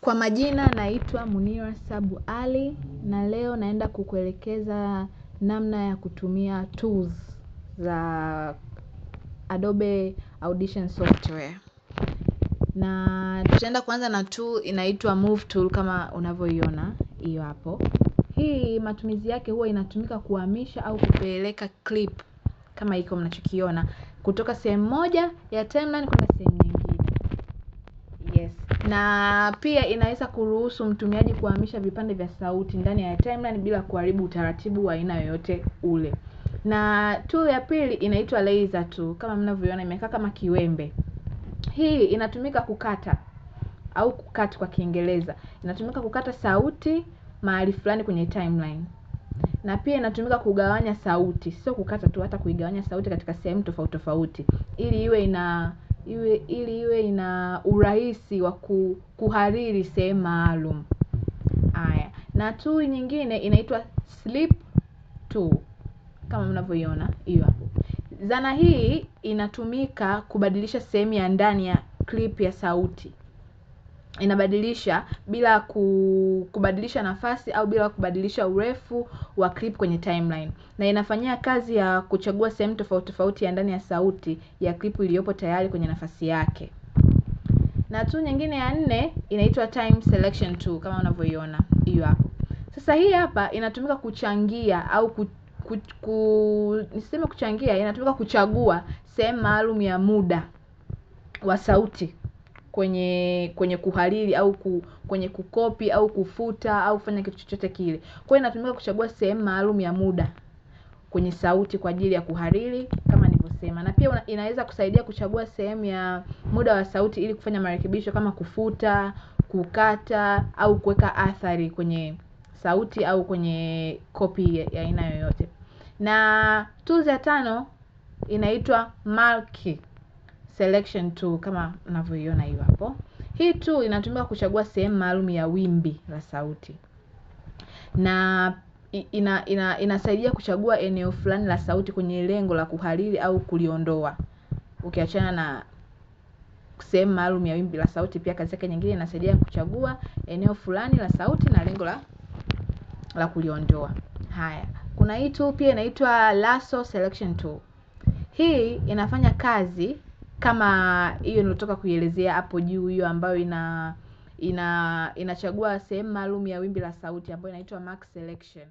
Kwa majina naitwa Munira Sabu Ali na leo naenda kukuelekeza namna ya kutumia tools za Adobe Audition Software. Na tutaenda kwanza na tool inaitwa Move Tool kama unavyoiona hiyo hapo. Hii matumizi yake huwa inatumika kuhamisha au kupeleka clip kama iko mnachokiona kutoka sehemu moja ya timeline kwenda sehemu nyingine yes na pia inaweza kuruhusu mtumiaji kuhamisha vipande vya sauti ndani ya timeline bila kuharibu utaratibu wa aina yoyote ule na tool ya pili inaitwa laser tool kama mnavyoiona imekaa kama kiwembe hii inatumika kukata au kukati kwa kiingereza inatumika kukata sauti mahali fulani kwenye timeline na pia inatumika kugawanya sauti sio kukata tu hata kuigawanya sauti katika sehemu tofauti tofauti ili iwe ina iwe ili iwe ina urahisi wa ku, kuhariri sehemu maalum haya na tu nyingine inaitwa slip tu kama mnavyoiona hiyo hapo zana hii inatumika kubadilisha sehemu ya ndani ya clip ya sauti inabadilisha bila kubadilisha nafasi au bila kubadilisha urefu wa clip kwenye timeline na inafanyia kazi ya kuchagua sehemu tofauti tofauti ya ndani ya sauti ya clip iliyopo tayari kwenye nafasi yake na tu nyingine ya nne inaitwa time selection tool kama unavyoiona hiyo hapo sasa hii hapa inatumika kuchangia au ku, ku, ku niseme kuchangia inatumika kuchagua sehemu maalum ya muda wa sauti kwenye kwenye kuhariri au ku, kwenye kukopi au kufuta au kufanya kitu chochote kile kwa hiyo inatumika kuchagua sehemu maalum ya muda kwenye sauti kwa ajili ya kuhariri kama nilivyosema na pia una, inaweza kusaidia kuchagua sehemu ya muda wa sauti ili kufanya marekebisho kama kufuta kukata au kuweka athari kwenye sauti au kwenye kopi ya aina yoyote na tuzo ya tano inaitwa malki selection tool kama unavyoiona hiyo hapo. Hii tool inatumika kuchagua sehemu maalum ya wimbi la sauti na ina, ina, inasaidia kuchagua eneo fulani la sauti kwenye lengo la kuhariri au kuliondoa ukiachana na sehemu maalum ya wimbi la sauti. Pia kazi yake nyingine inasaidia kuchagua eneo fulani la sauti na lengo la la kuliondoa. Haya, kuna hii tool pia inaitwa lasso selection tool. Hii inafanya kazi kama hiyo nilotoka kuielezea hapo juu hiyo ambayo ina ina inachagua sehemu maalum ya wimbi la sauti ambayo inaitwa mark selection